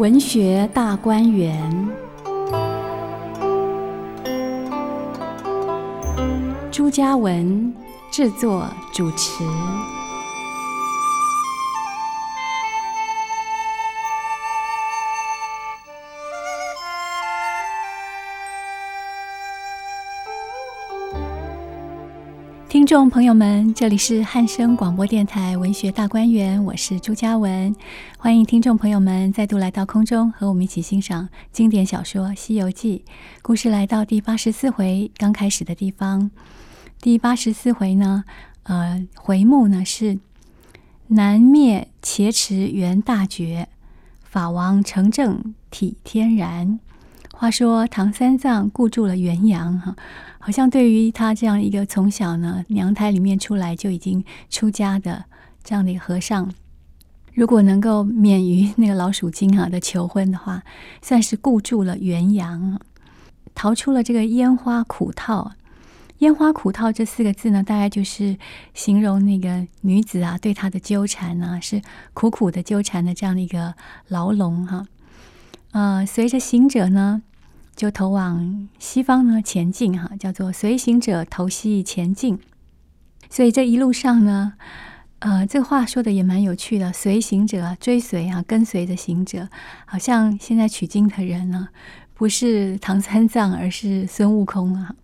文學大觀園，朱家文製作主持。聽眾朋友們，這裡是漢聲廣播電臺文學大觀園，我是朱佳文，歡迎聽眾朋友們再度來到空中，和我們一起欣賞經典小說《西遊記》。故事來到第八十四回剛開始的地方。第八十四回呢，呃，回目呢是“難滅伽持圓大覺，法王成正體天然”。話說唐三藏固住了元陽哈，好像對於他這樣一個從小呢娘胎裡面出來就已經出家的這樣的一個和尚，如果能夠免於那個老鼠精啊的求婚的話，算是固住了元陽，逃出了這個煙花苦套。煙花苦套這四個字呢，大概就是形容那個女子啊對他的糾纏啊，是苦苦的糾纏的這樣的一個牢籠哈、啊。呃，隨着行者呢。就投往西方呢前進哈、啊，叫做隨行者投西前進。所以這一路上呢，呃，這話說的也蠻有趣的。隨行者追隨啊，跟隨着行者，好像現在取經的人呢、啊，不是唐三藏，而是孫悟空啊。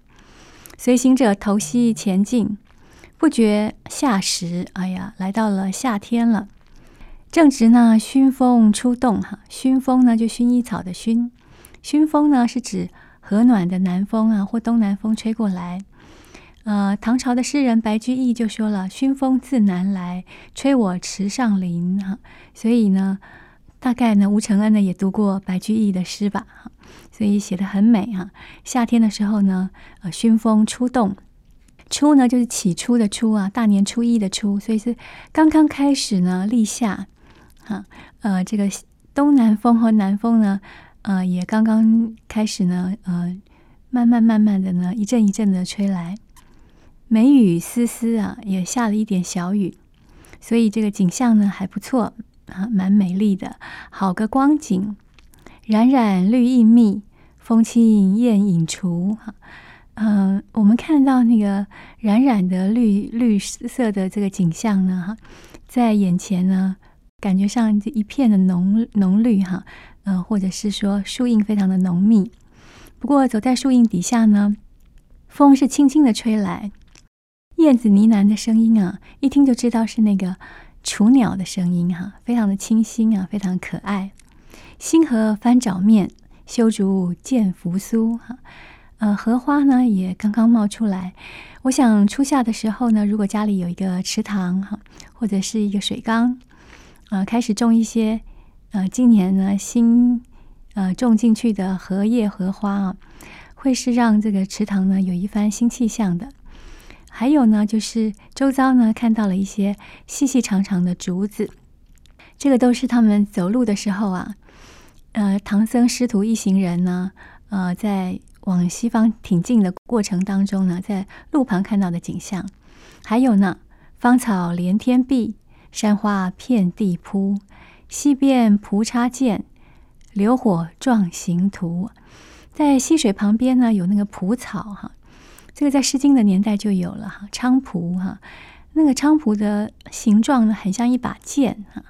隨行者投西前進，不覺夏時，哎呀，來到了夏天了。正值呢熏風出動。哈，熏風呢就薰衣草的熏。熏風呢，是指和暖的南風啊，或東南風吹過來。呃，唐朝的詩人白居易就說了：“熏風自南來，吹我池上林。”啊哈，所以呢，大概呢，吳承恩呢也讀過白居易的詩吧？哈，所以寫得很美哈、啊。夏天的時候呢，呃，熏風初動，初呢就是起初的初啊，大年初一的初，所以是剛剛開始呢，立夏。哈、啊，呃，這個東南風和南風呢。啊、呃，也剛剛開始呢，呃，慢慢慢慢的呢，一陣一陣的吹來，梅雨絲絲啊，也下了一點小雨，所以這個景象呢還不錯啊，蠻美麗的，好個光景，冉冉綠陰密，風輕燕引雛。哈、啊，嗯、呃，我們看到那個冉冉的綠綠色的這個景象呢，哈，在眼前呢，感覺上一片的濃濃綠哈。啊嗯、呃，或者是說樹蔭非常的濃密，不過走在樹蔭底下呢，風是輕輕地吹來，燕子呢喃的聲音啊，一聽就知道是那個雛鳥的聲音哈、啊，非常的清新啊，非常可愛。星河翻掌面，修竹見扶蘇哈，呃、啊，荷花呢也剛剛冒出來，我想初夏的時候呢，如果家裡有一個池塘哈，或者是一個水缸，啊，開始種一些。呃，今年呢，新呃種進去的荷葉荷花啊，會是讓這個池塘呢有一番新氣象的。還有呢，就是周遭呢看到了一些細細長長的竹子，這個都是他們走路的時候啊，呃，唐僧師徒一行人呢，呃，在往西方挺進的過程當中呢，在路旁看到的景象。還有呢，芳草連天碧，山花遍地鋪。溪邊蒲插劍，榴火狀形圖。在溪水旁邊呢，有那個蒲草哈，這個在《詩經》的年代就有了哈，菖蒲哈。那個菖蒲的形狀呢，很像一把劍哈，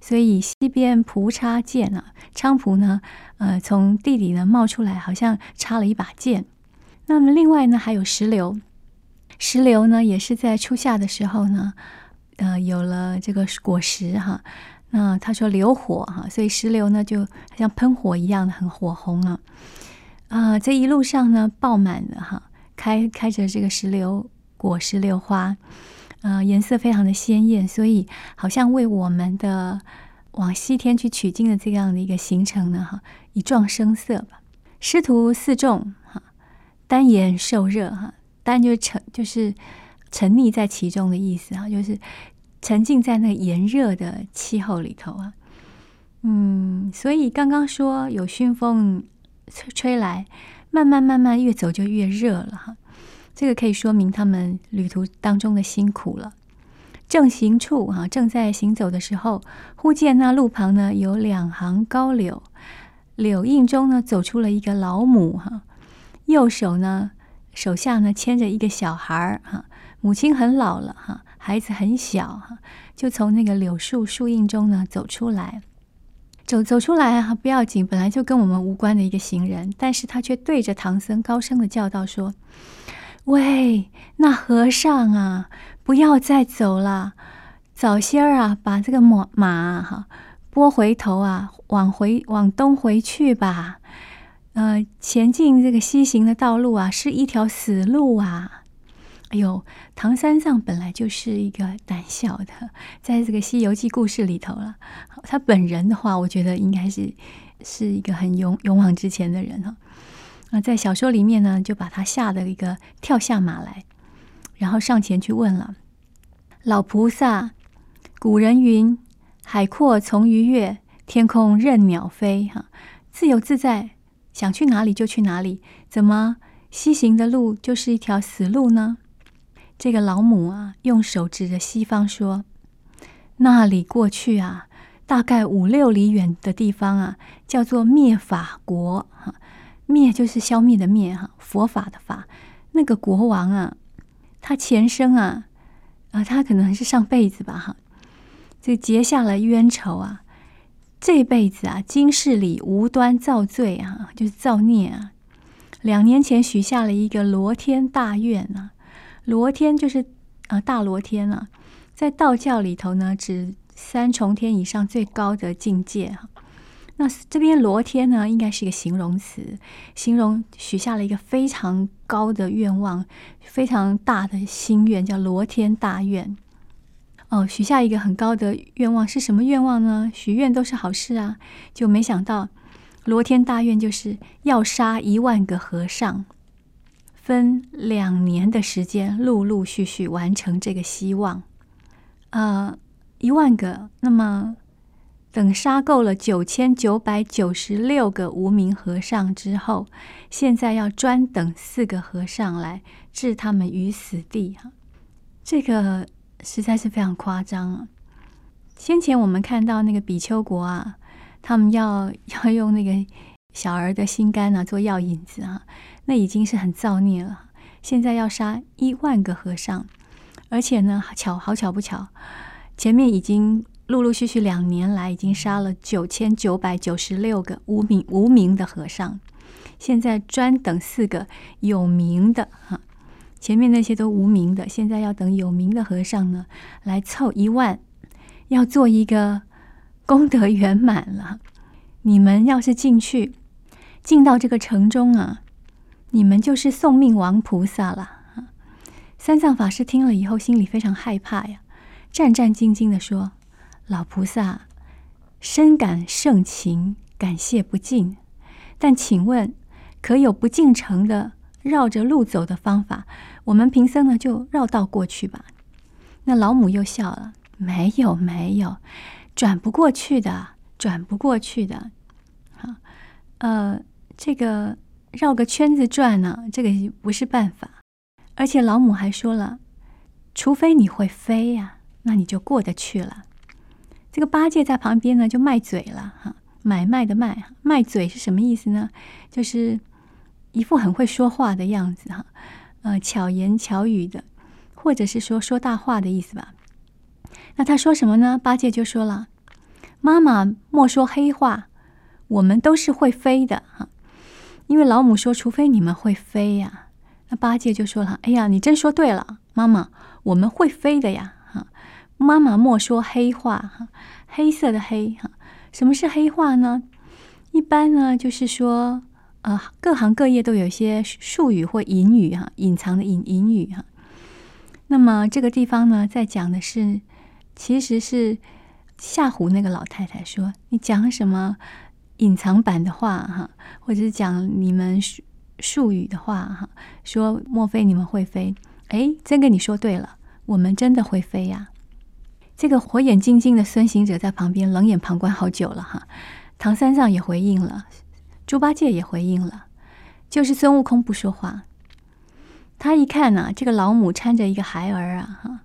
所以溪邊蒲插劍啊，菖蒲呢，呃，從地裡呢冒出來，好像插了一把劍。那麼另外呢，還有石榴，石榴呢，也是在初夏的時候呢，呃，有了這個果實哈。嗯、呃，他說流火哈，啊，所以石榴呢就像噴火一樣，很火紅啊啊，呃！這一路上呢，爆滿了哈，開開着這個石榴果，石榴花，呃，顏色非常的鮮豔，所以好像為我們的往西天去取經的這樣的一個行程呢，哈，以壯聲色吧。師徒四眾哈，丹顏受熱哈，丹就是沉，就是沉溺在其中的意思哈，就是。沉浸在那炎熱的氣候裡頭啊，嗯，所以剛剛說有熏風吹吹來，慢慢慢慢越走就越熱了哈。這個可以說明他們旅途當中的辛苦了。正行處哈、啊，正在行走的時候，忽見那路旁呢有兩行高柳，柳蔭中呢走出了一個老母哈、啊，右手呢手下呢牽着一個小孩兒、啊、哈，母親很老了哈、啊。孩子很小，哈，就從那個柳樹樹蔭中呢走出來，走走出來啊，不要緊，本來就跟我們無關的一個行人，但是他卻對着唐僧高聲的叫道說：“喂，那和尚啊，不要再走了，早些兒啊，把這個馬馬哈撥回頭啊，往回往東回去吧。呃，前進這個西行的道路啊，是一條死路啊。”哎呦，唐三藏本來就是一個膽小的，在這個《西遊記》故事裡頭了。他本人的話，我覺得應該是是一個很勇勇往直前的人哈。那在小說裡面呢，就把他嚇得一個跳下馬來，然後上前去問了老菩薩：“古人云，海闊從魚躍，天空任鳥飛，哈，自由自在，想去哪裡就去哪裡。怎麼西行的路就是一條死路呢？”這個老母啊，用手指着西方說：“那裡過去啊，大概五六里遠的地方啊，叫做滅法國。哈，滅就是消滅的滅哈，佛法的法。那個國王啊，他前生啊，啊，他可能是上輩子吧哈，就結下了冤仇啊，這輩子啊，今世裡無端造罪啊，就是造孽啊。兩年前許下了一個羅天大願啊。”羅天就是啊、呃，大羅天了、啊，在道教裡頭呢，指三重天以上最高的境界哈。那這邊羅天呢，應該是一個形容詞，形容許下了一個非常高的願望，非常大的心願，叫羅天大願。哦，許下一個很高的願望是什麼願望呢？許願都是好事啊，就沒想到羅天大願就是要殺一萬個和尚。分兩年的時間，陸陸續續完成這個希望，呃，一萬個。那麼，等殺夠了九千九百九十六個無名和尚之後，現在要專等四個和尚來置他們於死地啊！這個實在是非常誇張啊！先前我們看到那個比丘國啊，他們要要用那個小兒的心肝啊做藥引子啊。那已經是很造孽了。現在要殺一萬個和尚，而且呢，巧，好巧不巧，前面已經陸陸續續兩年來已經殺了九千九百九十六個無名無名的和尚，現在專等四個有名的哈。前面那些都無名的，現在要等有名的和尚呢來湊一萬，要做一個功德圓滿了。你們要是進去，進到這個城中啊。你們就是送命王菩薩了。三藏法師聽了以後，心裡非常害怕呀，戰戰兢兢地說：“老菩薩，深感盛情，感謝不盡。但請問，可有不進城的繞着路走的方法？我們貧僧呢，就繞道過去吧。”那老母又笑了：“沒有，沒有，轉不過去的，轉不過去的。好、啊，呃，這個。”繞個圈子轉呢、啊，這個不是辦法。而且老母還說了，除非你會飛呀、啊，那你就過得去了。這個八戒在旁邊呢，就賣嘴了哈、啊，買賣的賣，賣嘴是什麼意思呢？就是一副很會說話的樣子哈、啊，呃，巧言巧語的，或者是說說大話的意思吧。那他說什麼呢？八戒就說了：“媽媽莫說黑話，我們都是會飛的哈。啊”因為老母說，除非你們會飛呀，那八戒就說了：“哎呀，你真說對了，媽媽，我們會飛的呀！”哈，媽媽莫說黑話，哈，黑色的黑，哈，什麼是黑話呢？一般呢，就是說，呃，各行各業都有些術語或隱語，哈，隱藏的隱隱語，哈。那麼這個地方呢，在講的是，其實是嚇唬那個老太太說，說你講什麼？隱藏版的話，哈，或者是講你們術語的話，哈，說莫非你們會飛？哎，真跟你說對了，我們真的會飛呀！這個火眼金睛的孫行者在旁邊冷眼旁觀好久了，哈。唐三藏也回應了，豬八戒也回應了，就是孫悟空不說話。他一看呢，啊，這個老母攙着一個孩兒啊，哈，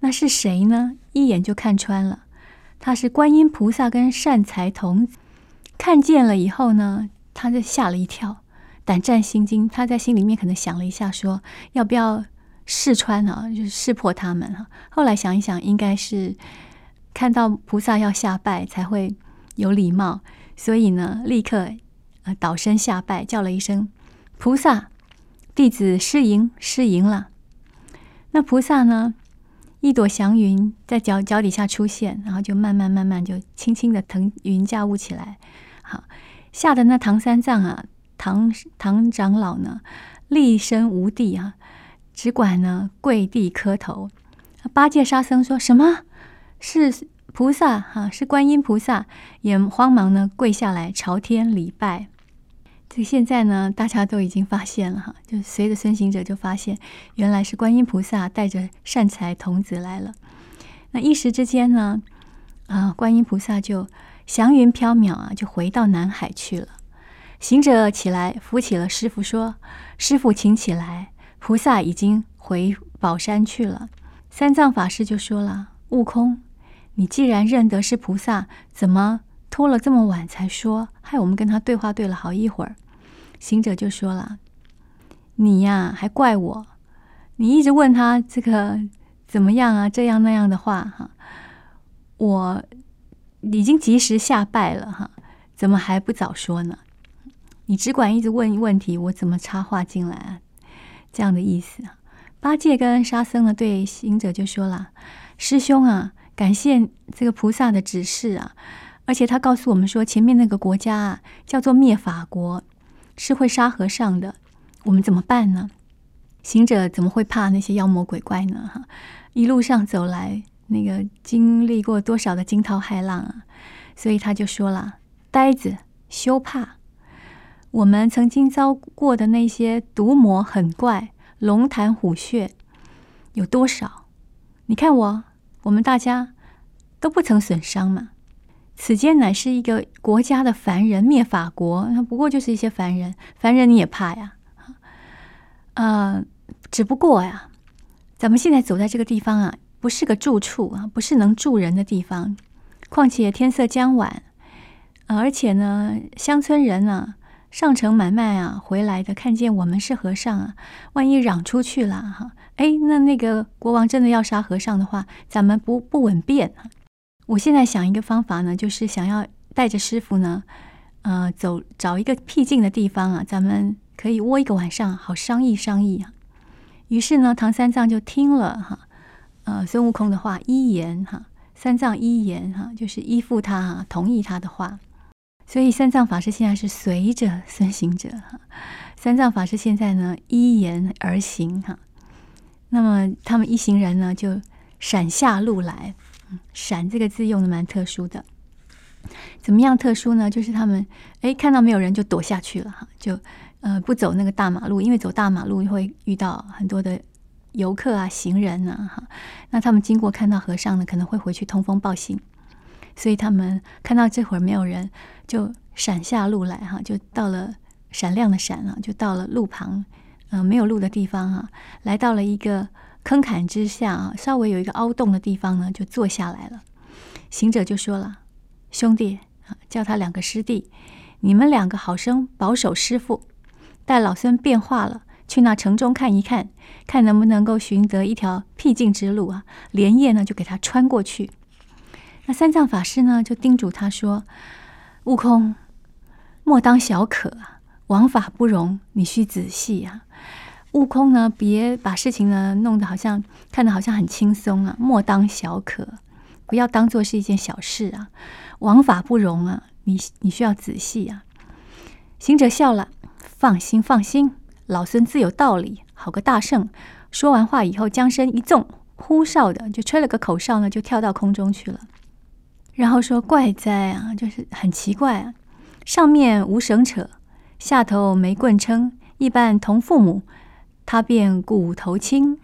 那是誰呢？一眼就看穿了，他是觀音菩薩跟善財童子。看見了以後呢，他就嚇了一跳，膽戰心驚。他在心裡面可能想了一下說，說要不要試穿啊？就是識破他們啊？後來想一想，應該是看到菩薩要下拜，才會有禮貌。所以呢，立刻啊、呃、倒身下拜，叫了一聲：“菩薩，弟子失迎失迎了。”那菩薩呢，一朵祥雲在腳腳底下出現，然後就慢慢慢慢就輕輕的騰雲駕霧起來。好，嚇得那唐三藏啊，唐唐長老呢，立身無地啊，只管呢跪地磕頭。八戒、沙僧說什麼？是菩薩哈、啊，是觀音菩薩，也慌忙呢跪下來朝天禮拜。這現在呢，大家都已經發現了哈，就隨着孫行者就發現，原來是觀音菩薩帶着善財童子來了。那一時之間呢，啊，觀音菩薩就。祥雲飄渺啊，就回到南海去了。行者起來扶起了師父，說：“師父，請起來。菩薩已經回寶山去了。”三藏法師就說了：“悟空，你既然認得是菩薩，怎麼拖了這麼晚才說？害我們跟他對話對了好一會兒。”行者就說了：“你呀，還怪我？你一直問他這個怎麼樣啊，這樣那樣的話，哈，我。”已經及時下拜了哈，怎麼還不早說呢？你只管一直問一問題，我怎麼插話進來啊？這樣的意思啊。八戒跟沙僧呢，對行者就說了：“師兄啊，感謝這個菩薩的指示啊，而且他告訴我們說，前面那個國家啊，叫做滅法國，是會殺和尚的，我們怎麼辦呢？”行者怎麼會怕那些妖魔鬼怪呢？哈，一路上走來。那個經歷過多少的驚濤駭浪啊，所以他就說了：“呆子，休怕！我們曾經遭過的那些毒魔狠怪、龍潭虎穴有多少？你看我，我們大家都不曾損傷嘛。此間乃是一個國家的凡人滅法國，他不過就是一些凡人，凡人你也怕呀？啊、呃，只不過呀，咱們現在走在這個地方啊。”不是個住處啊，不是能住人的地方。況且天色將晚，而且呢，鄉村人呢、啊，上城買賣啊，回來的看見我們是和尚啊，萬一嚷出去了哈、啊，哎，那那個國王真的要殺和尚的話，咱們不不穩便啊。我現在想一個方法呢，就是想要帶着師傅呢，呃，走找一個僻靜的地方啊，咱們可以窩一個晚上，好商議商議啊。於是呢，唐三藏就聽了哈、啊。呃，孫悟空的話依言哈，三藏依言哈，就是依附他哈，同意他的話。所以三藏法師現在是隨着孫行者哈，三藏法師現在呢依言而行哈。那麼他們一行人呢就閃下路來，嗯，閃這個字用的蠻特殊的。怎麼樣特殊呢？就是他們哎看到沒有人就躲下去了哈，就呃不走那個大馬路，因為走大馬路會遇到很多的。遊客啊，行人呢，哈，那他們經過看到和尚呢，可能會回去通風報信，所以他們看到這會兒沒有人，就閃下路來，啊，哈，就到了閃亮的閃了，啊，就到了路旁，嗯、呃，沒有路的地方哈，啊，來到了一個坑坎之下啊，稍微有一個凹洞的地方呢，就坐下來了。行者就說了：“兄弟，啊，叫他兩個師弟，你們兩個好生保守師父，待老孫變化了。”去那城中看一看，看能不能夠尋得一條僻靜之路啊！連夜呢就給他穿過去。那三藏法師呢就叮囑他說：“悟空，莫當小可啊，王法不容，你需仔細啊！悟空呢，別把事情呢弄得好像看得好像很輕鬆啊，莫當小可，不要當做是一件小事啊！王法不容啊，你你需要仔細啊！”行者笑了：“放心，放心。”老孫自有道理，好個大聖！說完話以後，將身一縱，呼哨的就吹了個口哨呢，就跳到空中去了。然後說：“怪哉啊，就是很奇怪啊！上面無繩扯，下頭沒棍撐，一般同父母，他便骨頭輕。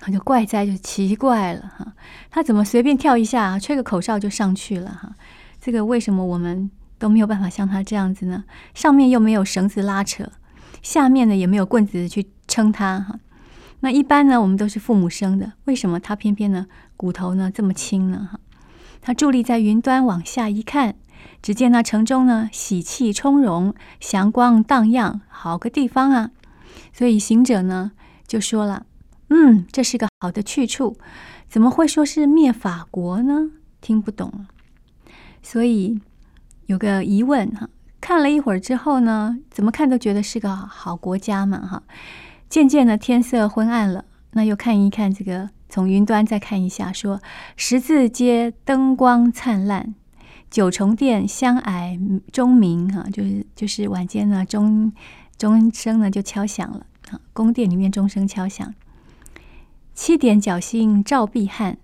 哈，就怪哉，就奇怪了哈、啊。他怎麼隨便跳一下，吹個口哨就上去了哈、啊？這個為什麼我們都沒有辦法像他這樣子呢？上面又沒有繩子拉扯。”下面呢也沒有棍子去撐它哈，那一般呢我們都是父母生的，為什麼他偏偏呢骨頭呢這麼輕呢哈？他佇立在雲端往下一看，只見那城中呢喜氣充融，祥光蕩漾，好個地方啊！所以行者呢就說了：“嗯，這是個好的去處，怎麼會說是滅法國呢？聽不懂了，所以有個疑問哈。”看了一會兒之後呢，怎麼看都覺得是個好、好國家嘛，哈、啊。漸漸的天色昏暗了，那又看一看這個從雲端再看一下，說，十字街燈光燦爛，九重殿香靄鐘鳴，哈、啊，就是就是晚間呢鐘鐘聲呢就敲響了，啊，宮殿裡面鐘聲敲響。七點僥倖照碧漢，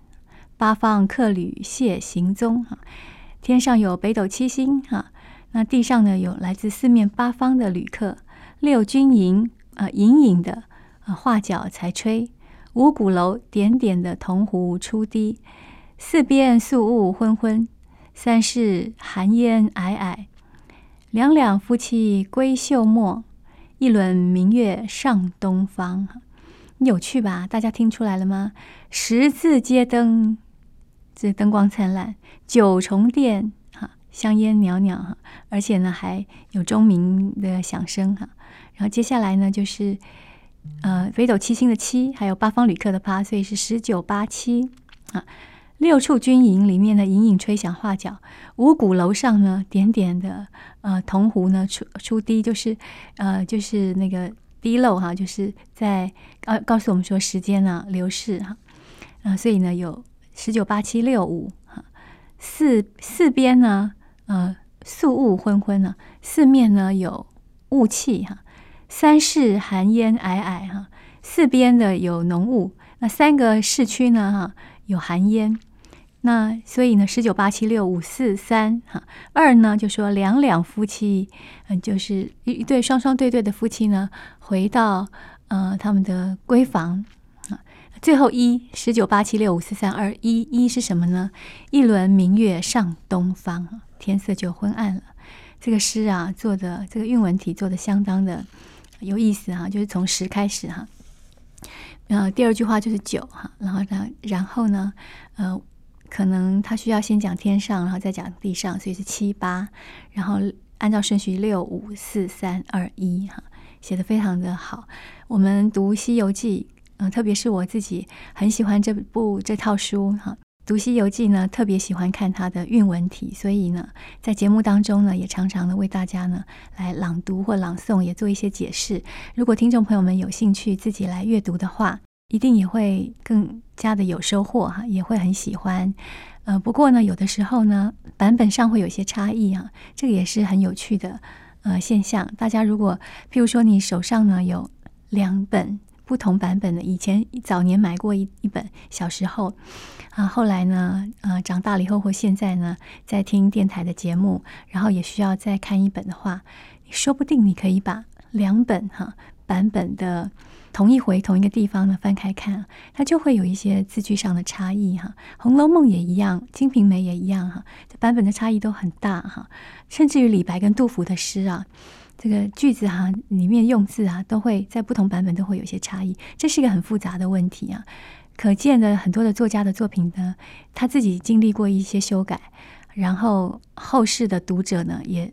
八方客旅謝行蹤，啊，天上有北斗七星，哈、啊。那地上呢，有來自四面八方的旅客。六軍營啊、呃，隱隱的啊，畫角才吹；五鼓樓點點的銅壺初滴。四邊宿霧昏昏，三市寒煙靄靄。兩兩夫妻歸繡幕，一輪明月上東方。你有趣吧？大家聽出來了嗎？十字街燈，這燈光燦爛；九重殿。香煙裊裊哈，而且呢還有鐘鳴的響聲哈，然後接下來呢就是，呃，北斗七星的七，還有八方旅客的八，所以是十九八七啊。六處軍營裡面呢隱隱吹響畫角，五鼓樓上呢點點的呃銅壺呢出出滴，就是呃就是那個滴漏哈，啊，就是在告，啊、告訴我們說時間呢，啊、流逝哈，啊所以呢有十九八七六五哈，啊，四四邊呢。呃，素霧昏昏呢、啊，四面呢有霧氣哈、啊；三市寒煙靄靄哈，四邊呢有濃霧。那三個市區呢哈、啊，有寒煙。那所以呢，十九八七六五四三哈、啊，二呢就說兩兩夫妻，嗯，就是一一對雙雙對對的夫妻呢，回到呃他們的閨房。最後一十九八七六五四三二一一是什麼呢？一輪明月上東方，天色就昏暗了。這個詩啊，做的這個韻文體做的相當的有意思哈、啊。就是從十開始哈、啊，然、呃、後第二句話就是九哈、啊，然後呢，然後呢，呃，可能他需要先講天上，然後再講地上，所以是七八，然後按照順序六五四三二一哈、啊，寫得非常的好。我們讀《西遊記》。嗯、呃，特別是我自己很喜歡這部這套書哈。讀《西遊記》呢，特別喜歡看它的韻文體，所以呢，在節目當中呢，也常常的為大家呢來朗讀或朗誦，也做一些解釋。如果聽眾朋友們有興趣自己來閱讀的話，一定也會更加的有收穫哈，也會很喜歡。呃，不過呢，有的時候呢，版本上會有些差異啊，這個也是很有趣的呃現象。大家如果，譬如說你手上呢有兩本。不同版本的，以前早年買過一一本，小時候啊，後來呢，呃，長大了以後或現在呢，在聽電台的節目，然後也需要再看一本的話，說不定你可以把兩本哈、啊、版本的同一回同一個地方呢翻開看、啊，它就會有一些字句上的差異哈、啊，《紅樓夢》也一樣，《金瓶梅》也一樣哈、啊，這版本的差異都很大哈、啊，甚至於李白跟杜甫的詩啊。這個句子哈、啊，裡面用字啊，都會在不同版本都會有些差異。這是一個很複雜的問題啊。可見的很多的作家的作品呢，他自己經歷過一些修改，然後後世的讀者呢，也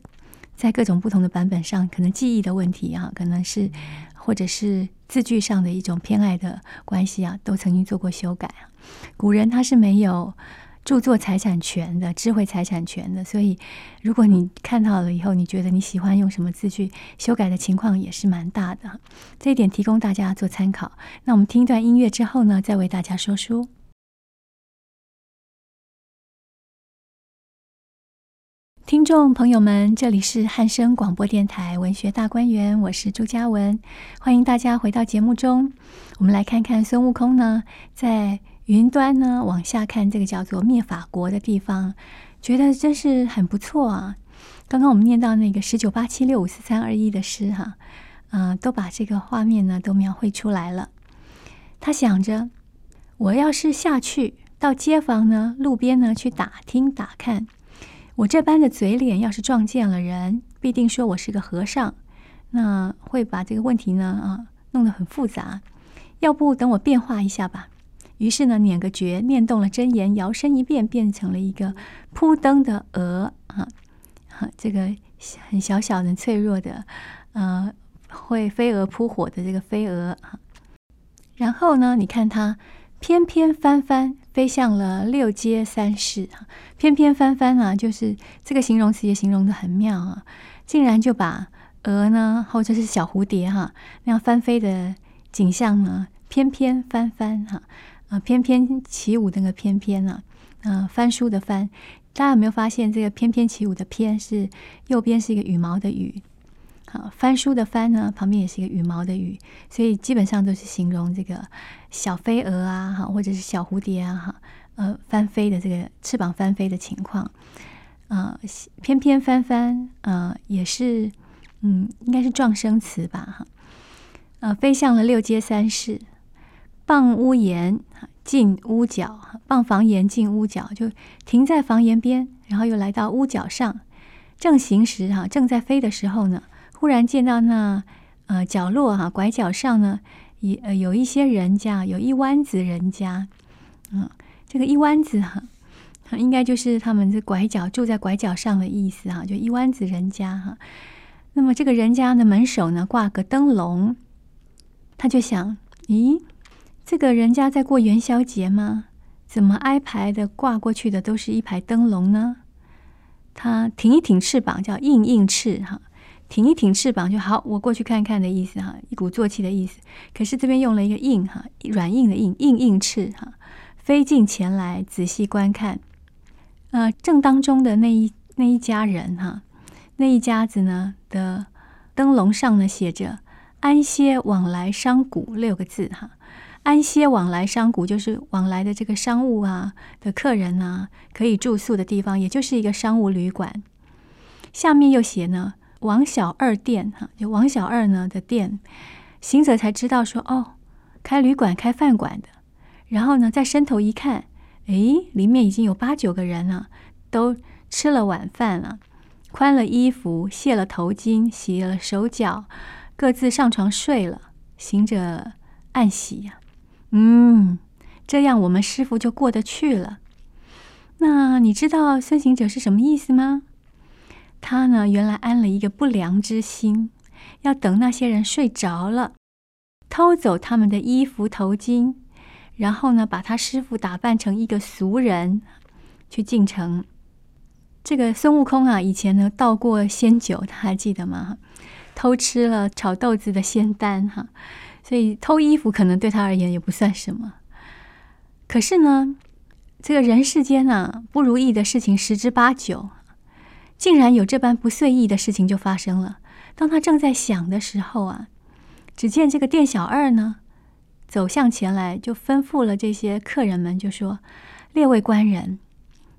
在各種不同的版本上，可能記憶的問題啊，可能是或者是字句上的一種偏愛的關係啊，都曾經做過修改啊。古人他是沒有。著作財產權的，智慧財產權的，所以如果你看到了以後，你覺得你喜歡用什麼字去修改的情況也是蠻大的，這一點提供大家做參考。那我們聽一段音樂之後呢，再為大家說書。聽眾朋友們，這裡是漢聲廣播電台文學大觀園，我是朱佳文，歡迎大家回到節目中。我們來看看孫悟空呢，在雲端呢，往下看這個叫做滅法國的地方，覺得真是很不錯啊。剛剛我們念到那個十九八七六五四三二一的詩哈、啊，啊、呃，都把這個畫面呢都描繪出來了。他想着，我要是下去到街坊呢、路邊呢去打聽打看，我這般的嘴臉要是撞見了人，必定說我是個和尚，那會把這個問題呢啊弄得很複雜。要不等我變化一下吧。於是呢，捻個訣，念動了真言，搖身一變，變成了一個撲燈的蛾哈、啊，這個很小小的、脆弱的，呃，會飛蛾撲火的這個飛蛾哈、啊，然後呢，你看它翩翩翻翻，飛向了六街三市啊！翩翩翻翻啊，就是這個形容詞也形容得很妙啊，竟然就把蛾呢，或者是小蝴蝶哈、啊，那樣翻飛的景象呢，翩翩翻翻哈。啊啊、呃，翩翩起舞的那個翩翩呢、啊？呃，翻書的翻，大家有沒有發現這個翩翩起舞的翩是右邊是一個羽毛的羽？啊，翻書的翻呢，旁邊也是一個羽毛的羽，所以基本上都是形容這個小飛蛾啊，哈，或者是小蝴蝶啊，哈，呃，翻飛的這個翅膀翻飛的情況。啊、呃，翩翩翻翻，啊、呃，也是，嗯，應該是狀聲詞吧，哈。呃，飛向了六街三市。傍屋檐，進屋角，傍房檐進屋角，就停在房檐邊，然後又來到屋角上。正行時哈，正在飛的時候呢，忽然見到那呃角落哈，拐角上呢，一呃，有一些人家，有一彎子人家，嗯，這個一彎子哈，應該就是他們這拐角住在拐角上的意思哈，就一彎子人家哈。那麼這個人家的門首呢，掛個燈籠，他就想，咦？這個人家在過元宵節嗎？怎麼挨排的掛過去的都是一排燈籠呢？它挺一挺翅膀叫硬硬翅哈、啊，挺一挺翅膀就好，我過去看看的意思哈、啊，一鼓作氣的意思。可是這邊用了一個硬哈、啊，軟硬的硬，硬硬翅哈、啊，飛進前來仔細觀看。呃，正當中的那一那一家人哈、啊，那一家子呢的燈籠上呢寫着“安歇往來商賈”六個字哈。啊安歇往來商賈，就是往來的這個商務啊的客人呢、啊，可以住宿的地方，也就是一個商務旅館。下面又寫呢，王小二店哈、啊，就王小二呢的店。行者才知道說，哦，開旅館、開飯館的。然後呢，再伸頭一看，誒、哎，裡面已經有八九個人了、啊，都吃了晚飯了、啊，寬了衣服，卸了頭巾，洗了手腳，各自上床睡了。行者暗喜呀、啊。嗯，這樣我們師傅就過得去了。那你知道孫行者是什麼意思嗎？他呢，原來安了一個不良之心，要等那些人睡着了，偷走他們的衣服頭巾，然後呢，把他師傅打扮成一個俗人去進城。這個孫悟空啊，以前呢盜過仙酒，他還記得嗎？偷吃了炒豆子的仙丹哈。所以偷衣服可能對他而言也不算什麼，可是呢，這個人世間呢，不如意的事情十之八九，竟然有這般不遂意的事情就發生了。當他正在想的時候啊，只見這個店小二呢，走向前來，就吩咐了這些客人們，就說：“列位官人，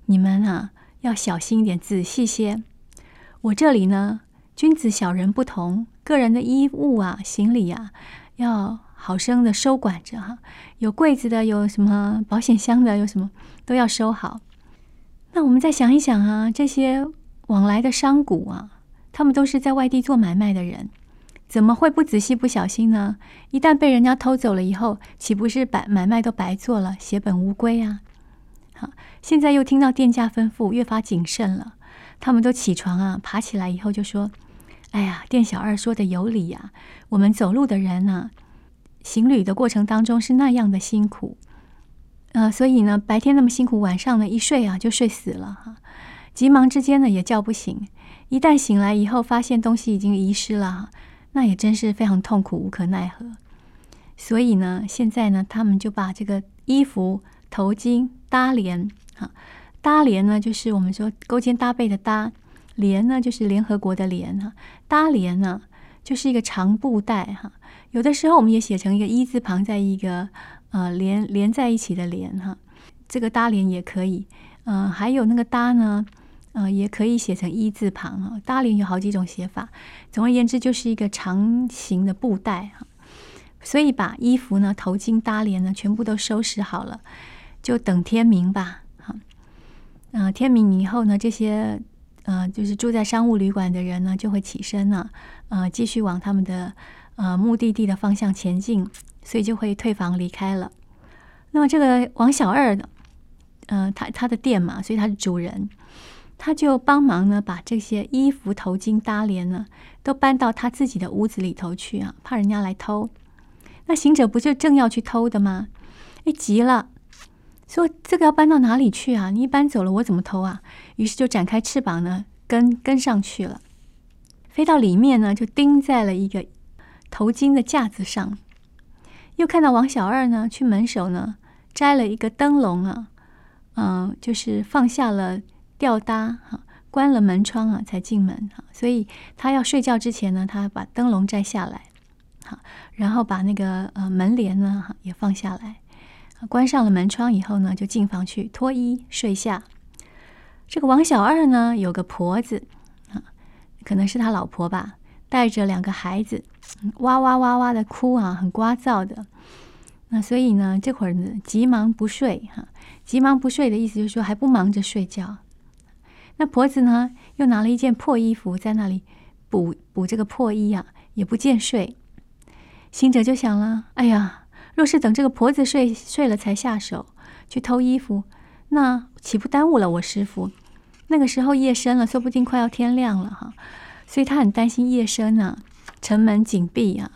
你們啊要小心一點，仔細些。我這裡呢，君子小人不同，個人的衣物啊，行李啊。”要好生的收管着哈、啊，有櫃子的，有什麼保險箱的，有什麼都要收好。那我們再想一想啊，這些往來的商賈啊，他們都是在外地做買賣的人，怎麼會不仔細、不小心呢？一旦被人家偷走了以後，豈不是白買賣都白做了，血本無歸啊？好，現在又聽到店家吩咐，越發謹慎了。他們都起床啊，爬起來以後就說。哎呀，店小二說的有理呀，啊！我們走路的人呢，啊，行旅的過程當中是那樣的辛苦，呃，所以呢，白天那麼辛苦，晚上呢一睡啊就睡死了哈！急忙之間呢也叫不醒，一旦醒來以後發現東西已經遺失了，那也真是非常痛苦，無可奈何。所以呢，現在呢，他們就把這個衣服、頭巾、搭帘，哈，搭帘呢就是我們說勾肩搭背的搭。聯呢，就是聯合國的聯哈，搭連呢，就是一個長布袋哈。有的時候我們也寫成一個一字旁，在一個呃連連在一起的連哈。這個搭連也可以，呃，還有那個搭呢，呃，也可以寫成一字旁哈。搭連有好幾種寫法，總而言之就是一個長形的布袋哈。所以把衣服呢、頭巾、搭連呢，全部都收拾好了，就等天明吧哈。嗯，天明以後呢，這些。呃，就是住在商務旅館的人呢，就會起身了啊，呃，繼續往他們的呃目的地的方向前進，所以就會退房離開了。那麼這個王小二呢，呃，他他的店嘛，所以他是主人，他就幫忙呢把這些衣服、頭巾、搭連呢，都搬到他自己的屋子裡頭去啊，怕人家來偷。那行者不就正要去偷的嗎？哎，急了。說這個要搬到哪裡去啊？你一搬走了，我怎麼偷啊？於是就展開翅膀呢，跟跟上去了，飛到裡面呢，就釘在了一個頭巾的架子上。又看到王小二呢，去門首呢，摘了一個燈籠啊，嗯、呃，就是放下了吊搭哈，關了門窗啊，才進門哈。所以他要睡覺之前呢，他把燈籠摘下來，然後把那個呃門簾呢哈也放下來。關上了門窗以後呢，就進房去脫衣睡下。這個王小二呢，有個婆子啊，可能是他老婆吧，帶着兩個孩子，哇哇哇哇的哭啊，很聒噪的。那所以呢，這會兒呢，急忙不睡哈，急忙不睡的意思就是說還不忙着睡覺。那婆子呢，又拿了一件破衣服在那裡補補這個破衣啊，也不見睡。行者就想了，哎呀。若是等這個婆子睡睡了才下手去偷衣服，那豈不耽誤了我師傅？那個時候夜深了，說不定快要天亮了哈。所以他很擔心夜深呢、啊，城門緊閉啊。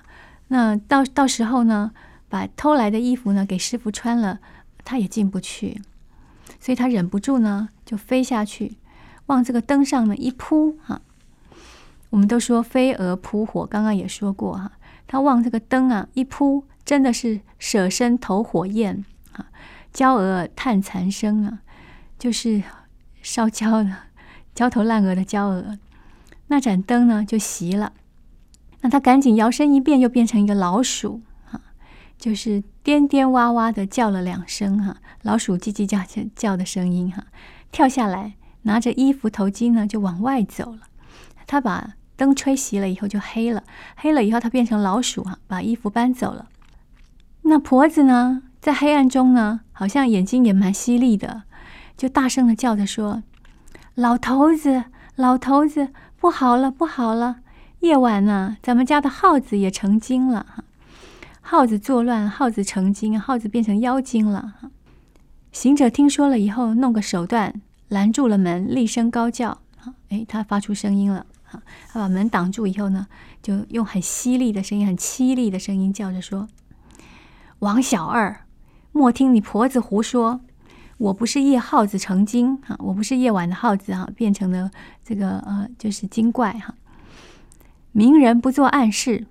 那到到時候呢，把偷來的衣服呢給師傅穿了，他也進不去。所以他忍不住呢，就飛下去，往這個燈上呢一撲哈。我們都說飛蛾撲火，剛剛也說過哈、啊，他往這個燈啊一撲。真的是捨身投火焰啊！焦蛾嘆殘生啊，就是燒焦的，焦頭爛額的焦蛾。那盞燈呢就熄了，那他趕緊搖身一變，又變成一個老鼠啊，就是顛顛哇哇的叫了兩聲哈、啊，老鼠嘰嘰叫叫叫的聲音哈、啊，跳下來拿着衣服頭巾呢就往外走了。他把燈吹熄了以後就黑了，黑了以後他變成老鼠啊，把衣服搬走了。那婆子呢，在黑暗中呢，好像眼睛也蠻犀利的，就大聲的叫着說：“老頭子，老頭子，不好了，不好了！夜晚呢，咱們家的耗子也成精了哈，耗子作亂，耗子成精，耗子變成妖精了哈。”行者聽說了以後，弄個手段攔住了門，厲聲高叫：“啊，哎，他發出聲音了啊！他把門擋住以後呢，就用很犀利的聲音，很淒厲的聲音叫着說。”王小二，莫聽你婆子胡說，我不是夜耗子成精哈，我不是夜晚的耗子哈、啊，變成了這個呃，就是精怪哈、啊。明人不做暗事，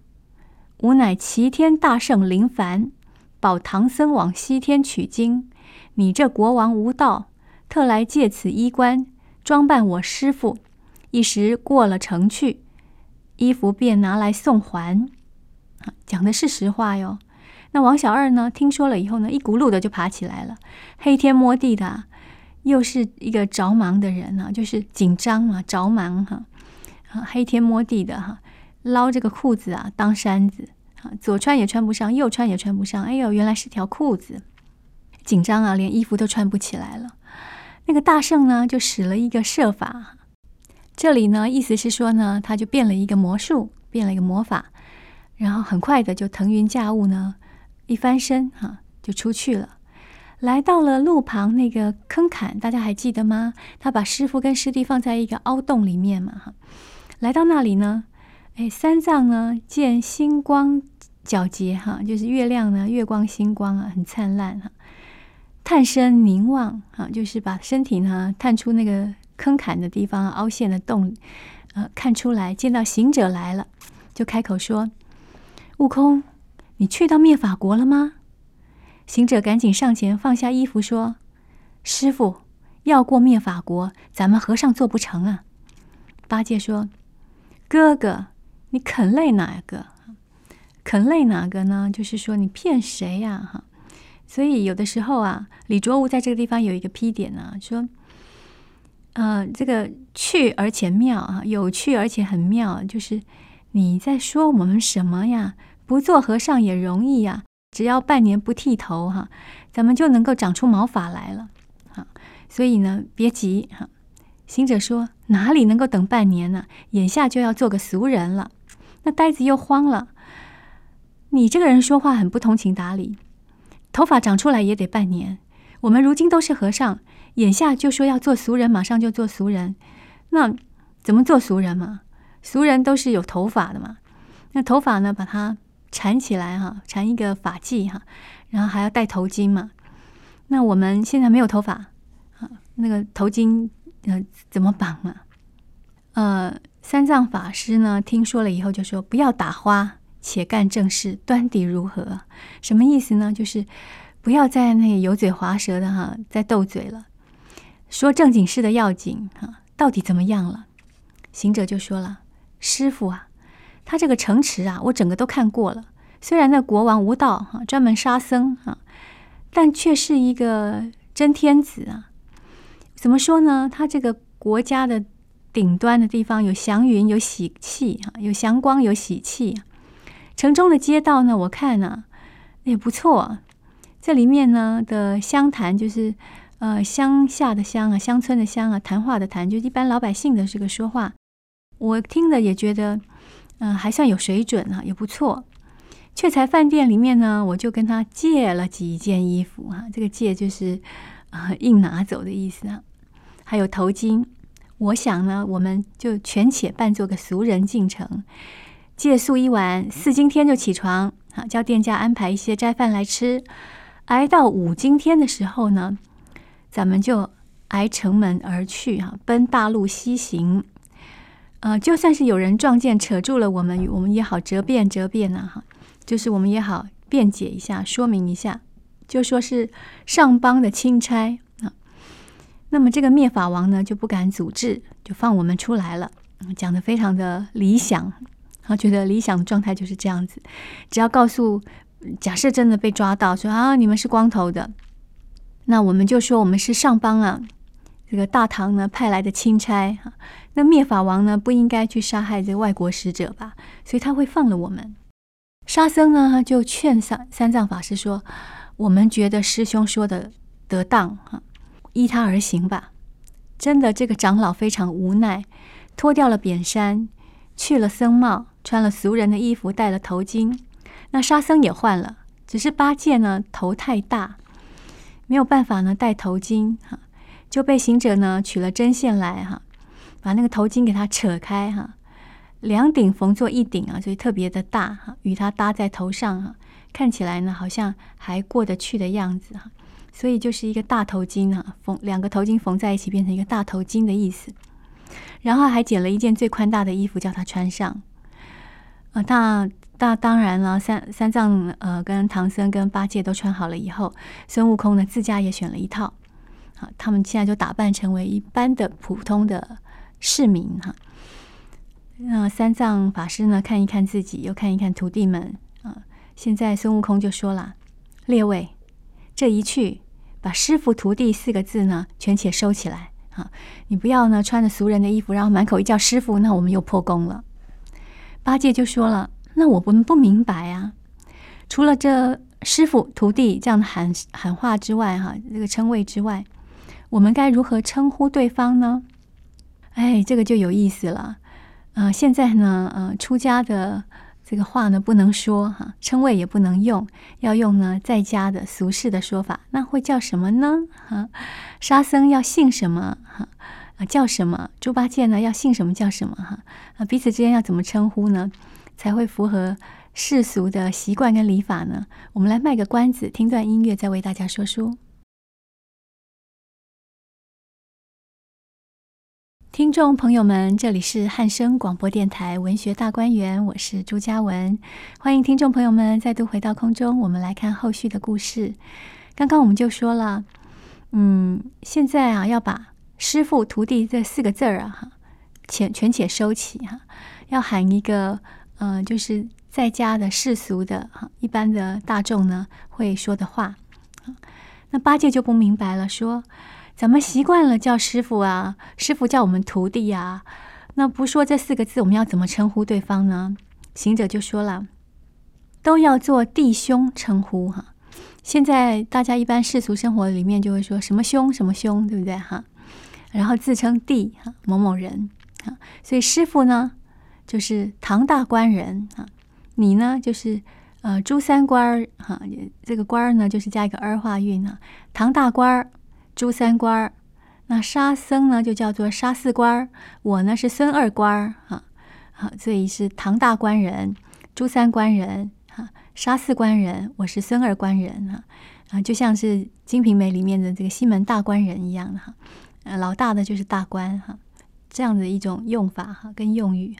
吾乃齊天大聖臨凡，保唐僧往西天取經。你這國王無道，特來借此衣冠裝扮我師父。一時過了城去，衣服便拿來送還。講的是實話喲。那王小二呢？聽說了以後呢，一骨碌的就爬起來了，黑天摸地的，又是一個着忙的人呢、啊，就是緊張嘛、啊，着忙哈，啊，黑天摸地的哈，撈這個褲子啊當衫子啊，左穿也穿不上，右穿也穿不上，哎呦，原來是條褲子，緊張啊，連衣服都穿不起來了。那個大聖呢，就使了一個設法，這裡呢，意思是說呢，他就變了一個魔術，變了一個魔法，然後很快的就騰雲駕霧呢。一翻身，哈、啊，就出去了，來到了路旁那個坑坎，大家還記得嗎？他把師傅跟師弟放在一個凹洞裡面嘛，哈、啊，來到那裡呢，哎，三藏呢見星光皎潔，哈、啊，就是月亮呢，月光星光啊，很燦爛，哈、啊，探身凝望，哈、啊，就是把身體呢探出那個坑坎的地方，啊，凹陷的洞，呃，看出來，見到行者來了，就開口說，悟空。你去到滅法國了嗎？行者趕緊上前放下衣服說：“師傅，要過滅法國，咱們和尚做不成啊。”八戒說：“哥哥，你肯累哪個？肯累哪個呢？就是說你騙誰呀？哈！所以有的時候啊，李卓吾在這個地方有一個批點呢、啊，說：‘呃，這個趣而且妙啊，有趣而且很妙，就是你在說我們什麼呀？’”不做和尚也容易呀、啊，只要半年不剃頭哈、啊，咱們就能夠長出毛髮來了哈、啊。所以呢，別急哈、啊。行者說：“哪裡能夠等半年呢、啊？眼下就要做個俗人了。”那呆子又慌了：“你這個人說話很不通情達理，頭髮長出來也得半年。我們如今都是和尚，眼下就說要做俗人，馬上就做俗人，那怎麼做俗人嘛？俗人都是有頭髮的嘛。那頭髮呢，把它。”纏起來哈、啊，纏一個髮髻哈、啊，然後還要戴頭巾嘛。那我們現在沒有頭髮，啊，那個頭巾呃怎麼綁啊？呃，三藏法師呢，聽說了以後就說：“不要打花，且幹正事，端底如何？”什麼意思呢？就是不要在那油嘴滑舌的哈、啊，再鬥嘴了，說正經事的要緊哈、啊。到底怎麼樣了？行者就說了：“師父啊。”他這個城池啊，我整個都看過了。雖然那國王無道哈、啊，專門殺僧啊，但卻是一個真天子啊。怎麼說呢？他這個國家的頂端的地方有祥雲，有喜氣哈、啊，有祥光，有喜氣。城中的街道呢，我看呢也不錯、啊。這裡面呢的“鄉談”就是呃鄉下的鄉啊，鄉村的鄉啊，談話的談，就一般老百姓的這個說話。我聽了也覺得。嗯，還算有水準啊，也不錯。卻才飯店裡面呢，我就跟他借了幾件衣服啊，這個借就是啊、呃、硬拿走的意思啊。還有頭巾，我想呢，我們就權且扮作個俗人進城，借宿一晚，嗯。四更天就起床啊，叫店家安排一些齋飯來吃。挨到五更天的時候呢，咱們就挨城門而去啊，奔大路西行。啊，就算是有人撞見扯住了我們，我們也好折辯折辯吶，哈，就是我們也好辯解一下，說明一下，就說是上邦的欽差啊。那麼這個滅法王呢，就不敢阻止，就放我們出來了。嗯、講得非常的理想，他、啊、覺得理想狀態就是這樣子，只要告訴，假設真的被抓到，說啊，你們是光頭的，那我們就說我們是上邦啊，這個大唐呢派來的欽差哈。啊那滅法王呢，不應該去殺害這外國使者吧？所以他會放了我們。沙僧呢就勸三三藏法師說：“我們覺得師兄說的得當哈，依他而行吧。”真的，這個長老非常無奈，脫掉了扁衫，去了僧帽，穿了俗人的衣服，戴了頭巾。那沙僧也換了，只是八戒呢頭太大，沒有辦法呢戴頭巾哈，就被行者呢取了針線來哈。把那個頭巾給它扯開哈，兩頂縫做一頂啊，所以特別的大哈，與它搭在頭上哈、啊，看起來呢好像還過得去的樣子哈、啊，所以就是一個大頭巾哈、啊，縫兩個頭巾縫在一起變成一個大頭巾的意思，然後還撿了一件最寬大的衣服叫他穿上，啊、呃，那那當然了，三三藏呃跟唐僧跟八戒都穿好了以後，孫悟空呢自家也選了一套，好、啊，他們現在就打扮成為一般的普通的。市民哈、啊，那三藏法師呢？看一看自己，又看一看徒弟們啊。現在孫悟空就說了：“列位，這一去，把師父徒弟四個字呢，全且收起來啊！你不要呢穿着俗人的衣服，然後滿口一叫師父，那我們又破功了。”八戒就說了：“那我們不，不明白啊，除了這師父徒弟這樣的喊喊話之外、啊，哈，這個稱謂之外，我們該如何稱呼對方呢？”哎，這個就有意思了，啊、呃，現在呢，呃，出家的這個話呢不能說哈、啊，稱謂也不能用，要用呢在家的俗世的說法，那會叫什麼呢？哈、啊，沙僧要姓什麼？哈、啊，啊叫什麼？豬八戒呢要姓什麼叫什麼？哈、啊，啊彼此之間要怎麼稱呼呢？才會符合世俗的習慣跟禮法呢？我們來賣個關子，聽段音樂再為大家說書。聽眾朋友們，這裡是漢聲廣播電臺文學大觀園，我是朱家文，歡迎聽眾朋友們再度回到空中，我們來看後續的故事。剛剛我們就說了，嗯，現在啊要把師父徒弟這四個字兒啊，哈，全全且收起哈、啊，要喊一個，嗯、呃，就是在家的世俗的哈，一般的大眾呢會說的話。那八戒就不明白了，說。咱們習慣了叫師傅啊，師傅叫我們徒弟呀、啊。那不說這四個字，我們要怎麼稱呼對方呢？行者就說了，都要做弟兄稱呼哈。現在大家一般世俗生活裡面就會說什麼兄什麼兄，對不對哈？然後自稱弟哈，某某人哈。所以師傅呢，就是唐大官人哈。你呢，就是呃朱三官兒哈。這個官兒呢，就是加一個兒化韻啊，唐大官兒。朱三官兒，那沙僧呢，就叫做沙四官兒，我呢是孫二官兒啊。好、啊，這裡是唐大官人、朱三官人、哈、啊、沙四官人，我是孫二官人啊啊，就像是《金瓶梅》裡面的這個西門大官人一樣哈。呃、啊，老大的就是大官哈、啊，這樣子一種用法哈、啊，跟用語。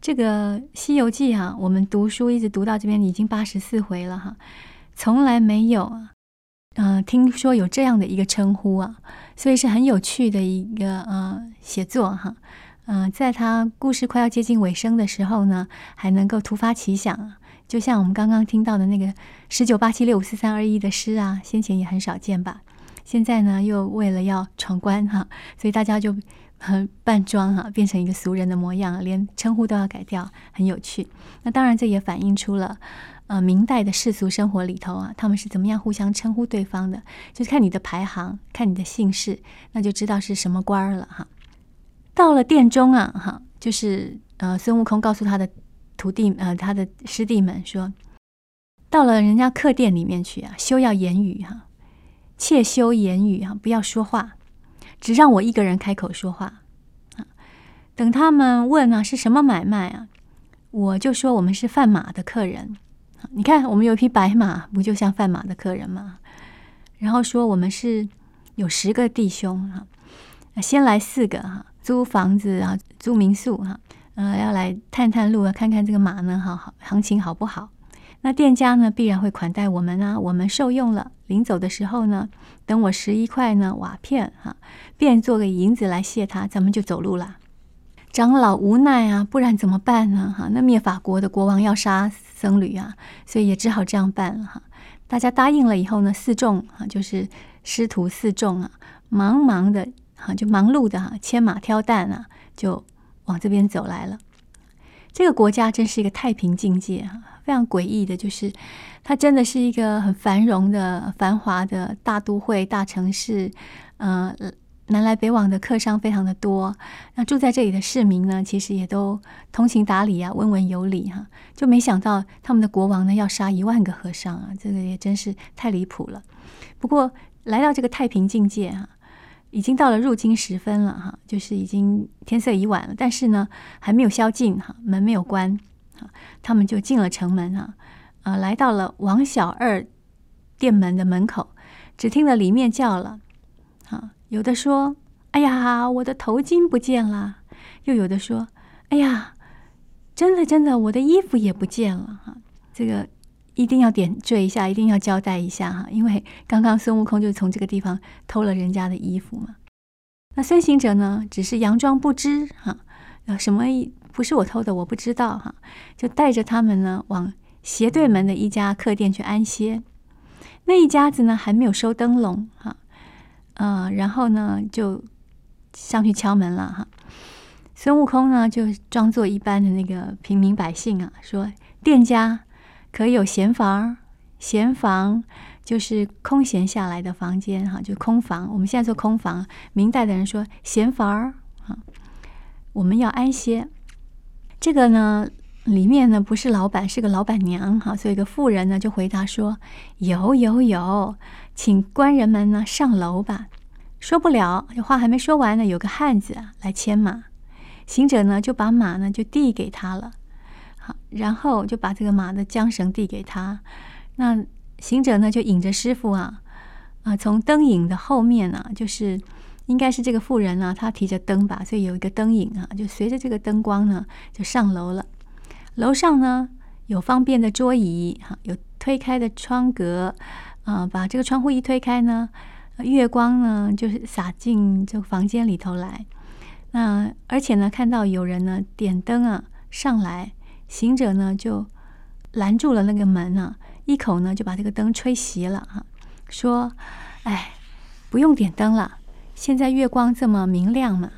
這個《西遊記》、啊哈，我們讀書一直讀到這邊已經八十四回了哈、啊，從來沒有啊。嗯、呃，聽說有這樣的一個稱呼啊，所以是很有趣的一個呃寫作哈、啊。嗯、呃，在他故事快要接近尾聲的時候呢，還能夠突發奇想、啊，就像我們剛剛聽到的那個十九八七六五四三二一的詩啊，先前也很少見吧。現在呢，又為了要闖關哈，所以大家就很扮裝哈、啊，變成一個俗人的模樣，連稱呼都要改掉，很有趣。那當然，這也反映出了呃明代的世俗生活裡頭啊，他們是怎麼樣互相稱呼對方的，就是看你的排行，看你的姓氏，那就知道是什麼官兒了哈。到了店中啊，哈，就是呃孫悟空告訴他的徒弟呃他的師弟們說，到了人家客店裡面去啊，休要言語哈。切休言語啊，不要說話，只讓我一個人開口說話啊。等他們問啊，是什麼買賣啊？我就說我們是販馬的客人。你看，我們有一匹白馬，不就像販馬的客人嗎？然後說我們是有十個弟兄啊，先來四個哈，租房子啊，租民宿哈，呃，要來探探路，看看這個馬呢，好好行情，好不好？那店家呢，必然會款待我們啊，我們受用了。臨走的時候呢，等我拾一塊呢瓦片哈，變做個銀子來謝他，咱們就走路啦。長老無奈啊，不然怎麼辦呢？哈，那滅法國的國王要殺僧侶啊，所以也只好這樣辦了哈。大家答應了以後呢，四眾啊，就是師徒四眾啊，忙忙的哈，就忙碌的哈，牽馬挑擔啊，就往這邊走來了。這個國家真是一個太平境界啊！非常詭異的，就是它真的是一個很繁榮的、繁華的大都會、大城市。嗯、呃、南來北往的客商非常的多。那住在這裡的市民呢，其實也都通情達理啊，溫文有禮哈、啊。就沒想到他們的國王呢，要殺一萬個和尚啊！這個也真是太離譜了。不過來到這個太平境界啊。已經到了入京時分了哈，就是已經天色已晚了，但是呢，還沒有宵禁哈，門沒有關，他們就進了城門哈，啊，來到了王小二店門的門口，只聽到裡面叫了，啊，有的說，哎呀，我的頭巾不見了，又有的說，哎呀，真的真的，我的衣服也不見了哈，這個。一定要點綴一下，一定要交代一下哈，因為剛剛孫悟空就從這個地方偷了人家的衣服嘛。那孫行者呢，只是佯裝不知哈，什麼意不是我偷的，我不知道哈，就帶着他們呢往斜對門的一家客店去安歇。那一家子呢，還沒有收燈籠哈，嗯，然後呢就上去敲門了哈。孫悟空呢，就裝作一般的那個平民百姓啊，說店家。可以有閒房？閒房就是空閒下來的房間哈，就空房。我們現在說空房。明代的人說閒房兒啊，我們要安歇。這個呢，裡面呢不是老板，是個老板娘哈。所以個婦人呢，就回答說：有有有，請官人們呢上樓吧。說不了，話還沒說完呢，有個漢子、啊、來牽馬，行者呢就把馬呢就遞給他了。然後就把這個馬的韁繩遞給他，那行者呢就引着師傅啊啊從燈影的後面啊，就是應該是這個婦人呢啊，她提着燈吧，所以有一個燈影啊，就隨着這個燈光呢就上樓了。樓上呢有方便的桌椅哈，有推開的窗格啊，把這個窗戶一推開呢，月光呢就是灑進這個房間裡頭來。那而且呢看到有人呢點燈啊上來。行者呢就攔住了那個門呢、啊，一口呢就把這個燈吹熄了啊，說：“哎，不用點燈了，現在月光這麼明亮嘛。”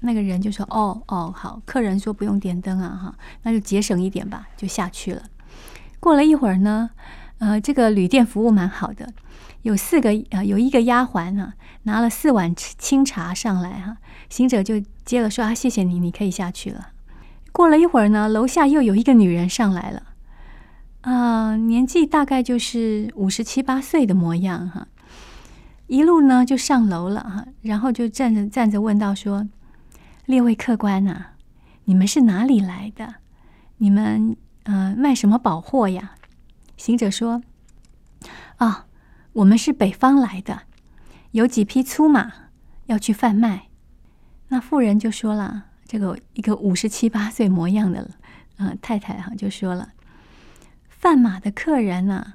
那個人就說：“哦哦，好，客人說不用點燈啊，哈，那就節省一點吧。”就下去了。過了一會兒呢，呃，這個旅店服務蠻好的，有四個啊、呃，有一個丫鬟呢、啊、拿了四碗清茶上來哈、啊，行者就接了說：“啊，謝謝你，你可以下去了。”過了一會兒呢，樓下又有一個女人上來了，啊、呃，年紀大概就是五十七八歲的模樣哈、啊，一路呢就上樓了哈，然後就站着站着問道說：“列位客官吶、啊，你們是哪裡來的？你們嗯、呃、賣什麼寶貨呀？”行者說：“啊、哦，我們是北方來的，有幾匹粗馬要去販賣。”那婦人就說了。這個一個五十七八歲模樣的，嗯、呃，太太哈、啊，就說了，販馬的客人呢、啊，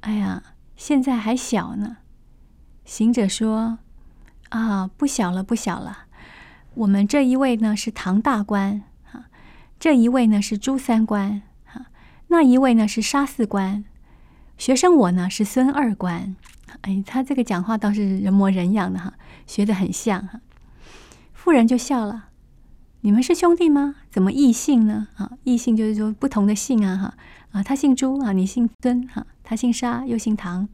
哎呀，現在還小呢。行者說，啊，不小了，不小了。我們這一位呢是唐大官，這一位呢是朱三官，哈，那一位呢是沙四官，學生我呢是孫二官。哎，他這個講話倒是人模人樣的哈，學的很像哈。婦人就笑了。你們是兄弟嗎？怎麼異姓呢？啊，異姓就是說不同的姓啊，哈，啊，他姓豬啊，你姓孫哈、啊，他姓沙又姓唐，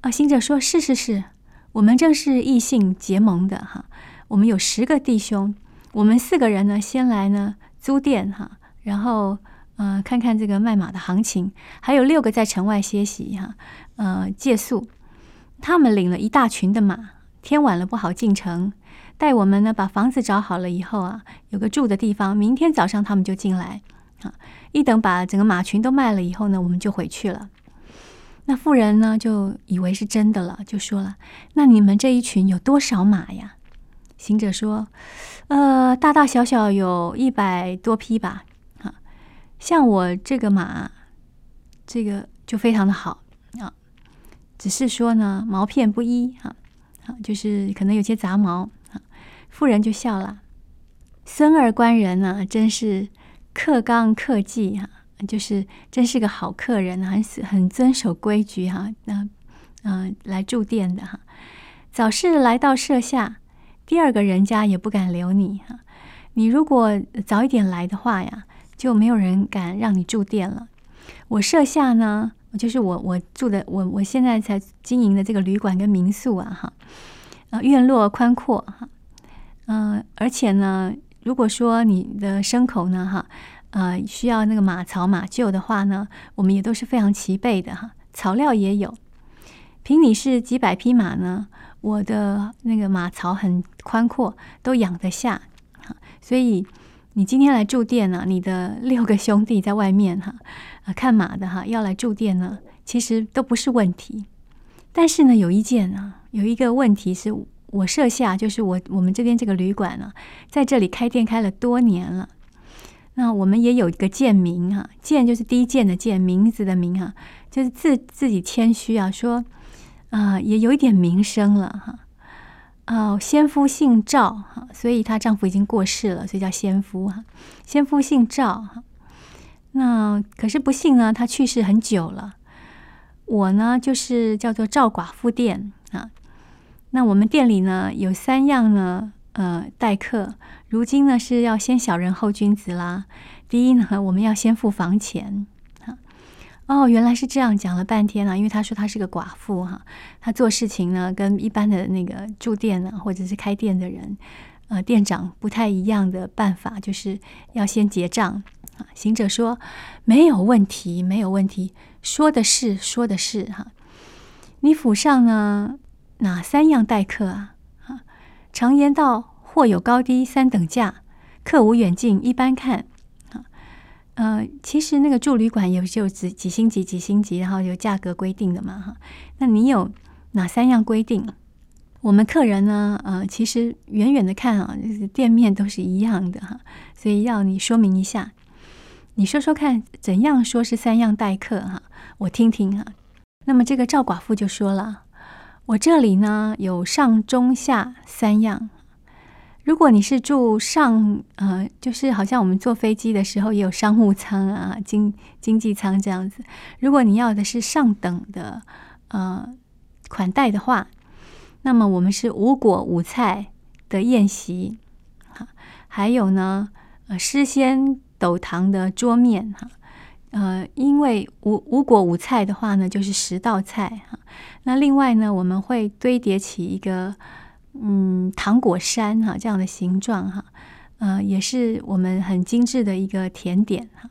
啊，行者說，是是是，我們正是異姓結盟的哈、啊，我們有十個弟兄，我們四個人呢先來呢租店哈、啊，然後呃看看這個賣馬的行情，還有六個在城外歇息哈、啊，呃借宿，他們領了一大群的馬，天晚了不好進城。待我們呢把房子找好了以後啊，有個住的地方。明天早上他們就進來啊。一等把整個馬群都賣了以後呢，我們就回去了。那婦人呢就以為是真的了，就說了：“那你們這一群有多少馬呀？”行者說：“呃，大大小小有一百多匹吧。啊，像我這個馬，這個就非常的好啊。只是說呢，毛片不一哈，啊，就是可能有些雜毛。”婦人就笑了，孫二官人呢、啊，真是客綱客紀哈、啊，就是真是個好客人啊，很很遵守規矩哈、啊。那、呃、嗯、呃，來住店的哈，早是來到舍下，第二個人家也不敢留你哈。你如果早一點來的話呀，就沒有人敢讓你住店了。我舍下呢，就是我我住的我我現在才經營的這個旅館跟民宿啊哈，呃，院落寬闊哈。嗯，而且呢，如果說你的牲口呢，哈，呃，需要那個馬槽、馬廄的話呢，我們也都是非常齊備的哈，草料也有。憑你是幾百匹馬呢，我的那個馬槽很寬闊，都養得下。所以你今天來住店呢、啊，你的六個兄弟在外面哈，啊，看馬的哈、啊，要來住店呢，其實都不是問題。但是呢，有一件啊，有一個問題是。我設下就是我我們這邊這個旅館呢、啊，在這裡開店開了多年了。那我們也有一個賤名哈、啊，賤就是低賤的賤，名字的名哈、啊，就是自自己謙虛啊，說啊、呃、也有一點名聲了哈。哦，先夫姓趙哈，所以她丈夫已經過世了，所以叫先夫哈。先夫姓趙哈，那可是不幸呢，他去世很久了。我呢就是叫做趙寡婦店。那我們店裡呢有三樣呢，呃，待客。如今呢是要先小人後君子啦。第一呢，我們要先付房錢。哈、啊，哦，原來是這樣，講了半天啊，因為他說他是個寡婦哈、啊，他做事情呢跟一般的那個住店呢，或者是開店的人，呃，店長不太一樣的辦法，就是要先結賬。啊，行者說沒有問題，沒有問題，說的是說的是哈、啊，你府上呢？哪三樣待客啊？啊，常言道，貨有高低三等價，客無遠近一般看。哈、啊，呃，其實那個住旅館有就幾幾星級幾星級，然後有價格規定的嘛，哈、啊。那你有哪三樣規定？我們客人呢？呃，其實遠遠的看啊，就是，店面都是一樣的哈、啊，所以要你說明一下，你說說看，怎樣說是三樣待客哈、啊？我聽聽哈、啊。那麼這個趙寡婦就說了。我這裡呢，有上中下三樣。如果你是住上，呃，就是好像我們坐飛機的時候也有商務艙啊、經經濟艙這樣子。如果你要的是上等的，呃，款待的話，那麼我們是五果五菜的宴席，哈，還有呢，呃，獅仙鬥糖的桌面，哈。呃，因為五五果五菜的話呢，就是十道菜哈、啊。那另外呢，我們會堆疊起一個嗯糖果山哈、啊、這樣的形狀哈、啊。呃，也是我們很精緻的一個甜點哈、啊。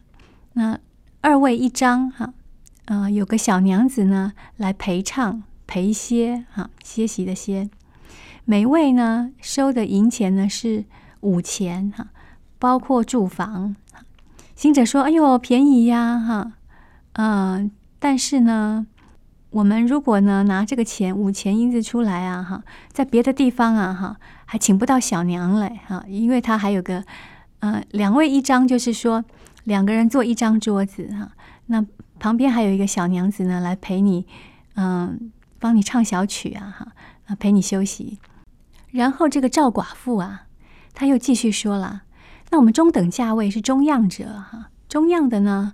那二位一張哈、啊，呃，有個小娘子呢來陪唱陪歇哈、啊、歇息的歇。每位呢收的銀錢呢是五錢哈、啊，包括住房。行者說：“哎呦，便宜呀，哈，嗯、呃，但是呢，我們如果呢拿這個錢五錢銀子出來啊，哈，在別的地方啊，哈，還請不到小娘嘞哈，因為他還有個，嗯、呃，兩位一張，就是說兩個人坐一張桌子哈，那旁邊還有一個小娘子呢來陪你，嗯、呃，幫你唱小曲啊，哈，陪你休息。然後這個趙寡婦啊，她又繼續說了。”那我們中等價位是中樣者哈，中樣的呢，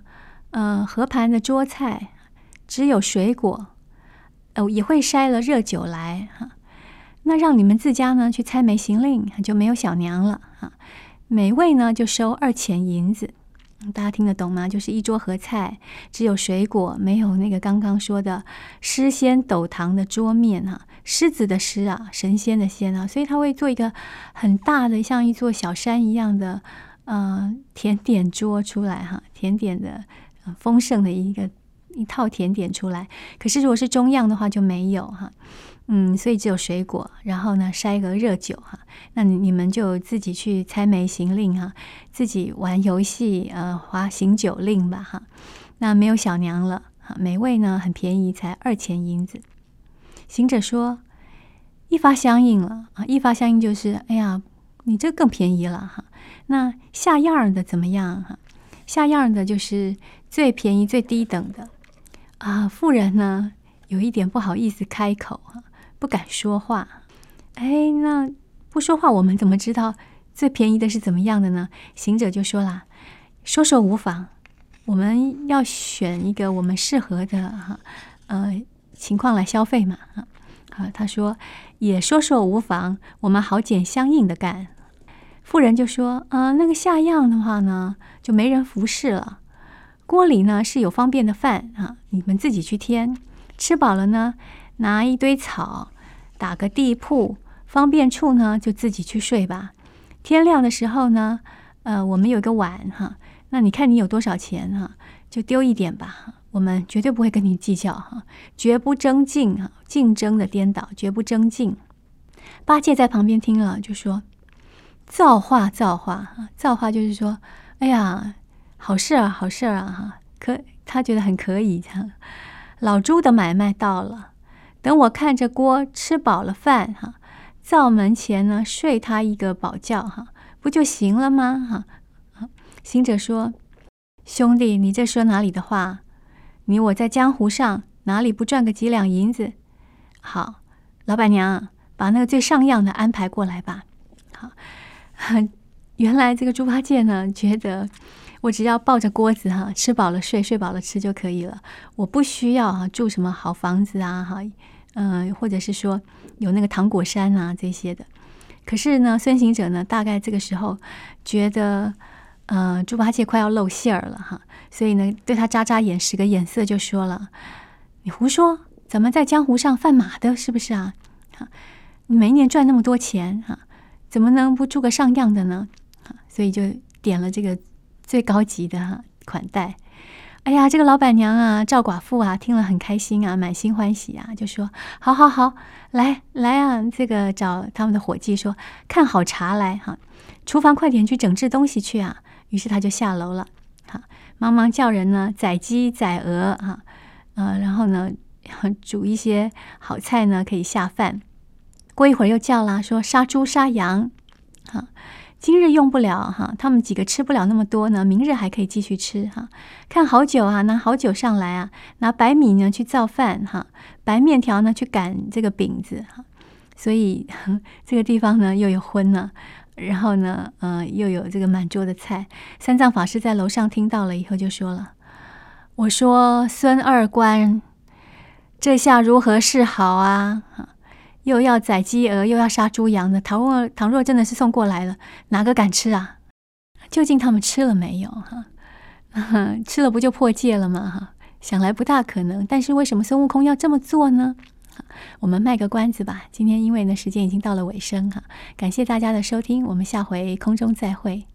呃，合盤的桌菜只有水果，呃，也會篩了熱酒來哈、啊。那讓你們自家呢去猜枚行令就沒有小娘了哈、啊。每位呢就收二錢銀子，大家聽得懂嗎？就是一桌合菜只有水果，沒有那個剛剛說的詩仙斗堂的桌面哈。啊獅子的獅啊，神仙的仙啊，所以他會做一個很大的，像一座小山一樣的，呃，甜點桌出來哈、啊，甜點的豐盛的一個一套甜點出來。可是如果是中樣的話就沒有哈、啊，嗯，所以只有水果，然後呢，篩一個熱酒哈、啊，那你們就自己去猜枚行令哈、啊，自己玩遊戲呃，劃行酒令吧哈、啊，那沒有小娘了哈，美味呢很便宜，才二錢銀子。行者說：“一發相應了啊！一發相應就是，哎呀，你這更便宜了哈。那下樣的怎麼樣？哈，下樣的就是最便宜、最低等的啊。婦人呢，有一點不好意思開口啊，不敢說話。哎，那不說話，我們怎麼知道最便宜的是怎麼樣的呢？行者就說啦：‘說說無妨，我們要選一個我們適合的哈。’呃。”情況來消費嘛？啊，他說也說說無妨，我們好撿相應的幹。富人就說啊，那個下樣的話呢，就沒人服侍了。鍋裡呢是有方便的飯啊，你們自己去添。吃飽了呢，拿一堆草打個地鋪，方便處呢就自己去睡吧。天亮的時候呢，呃，我們有個碗哈、啊，那你看你有多少錢哈、啊，就丟一點吧。我們絕對不會跟你計較哈，絕不爭競哈，競爭的顛倒，絕不爭競。八戒在旁邊聽了就說：“造化，造化，造化！”就是說，哎呀，好事啊，好事啊哈。可他覺得很可以，哈。老豬的買賣到了，等我看着鍋吃飽了飯哈，灶門前呢睡他一個飽覺哈，不就行了嗎哈？行者說：“兄弟，你在說哪裡的話？”你我在江湖上哪裡不賺個幾兩銀子？好，老闆娘把那個最上樣的安排過來吧。好，原來這個豬八戒呢，覺得我只要抱着鍋子哈，吃飽了睡，睡飽了吃就可以了，我不需要啊住什麼好房子啊哈，嗯、呃，或者是說有那個糖果山啊這些的。可是呢，孫行者呢，大概這個時候覺得。呃，豬八戒快要露餡兒了哈，所以呢，對他眨眨眼，使個眼色，就說了：“你胡說，怎麼在江湖上販馬的，是不是啊？哈，你每一年賺那麼多錢哈、啊，怎麼能不住個上樣的呢？所以就點了這個最高級的款待。哎呀，這個老闆娘啊，趙寡婦啊，聽了很開心啊，滿心歡喜啊，就說：好好好，來來啊，這個找他們的夥計說，看好茶來哈、啊，廚房快點去整治東西去啊。”於是他就下樓了，哈，忙忙叫人呢，宰雞宰鵝，哈、啊，然後呢，煮一些好菜呢，可以下飯。過一會兒又叫啦，說殺豬殺羊，哈、啊，今日用不了，哈、啊，他們幾個吃不了那麼多呢，明日還可以繼續吃，哈、啊。看好酒啊，拿好酒上來啊，拿白米呢去造飯，哈、啊，白麵條呢去擀這個餅子，哈、啊，所以這個地方呢又有葷了。然後呢，嗯、呃，又有這個滿桌的菜。三藏法師在樓上聽到了以後，就說了：“我說孫二官，這下如何是好啊？又要宰雞鵝，又要殺豬羊的。倘若倘若真的是送過來了，哪個敢吃啊？究竟他們吃了沒有？哈，吃了不就破戒了嗎？哈，想來不大可能。但是為什麼孫悟空要這麼做呢？”我們賣個關子吧。今天因為呢，時間已經到了尾聲哈、啊，感謝大家的收聽，我們下回空中再會。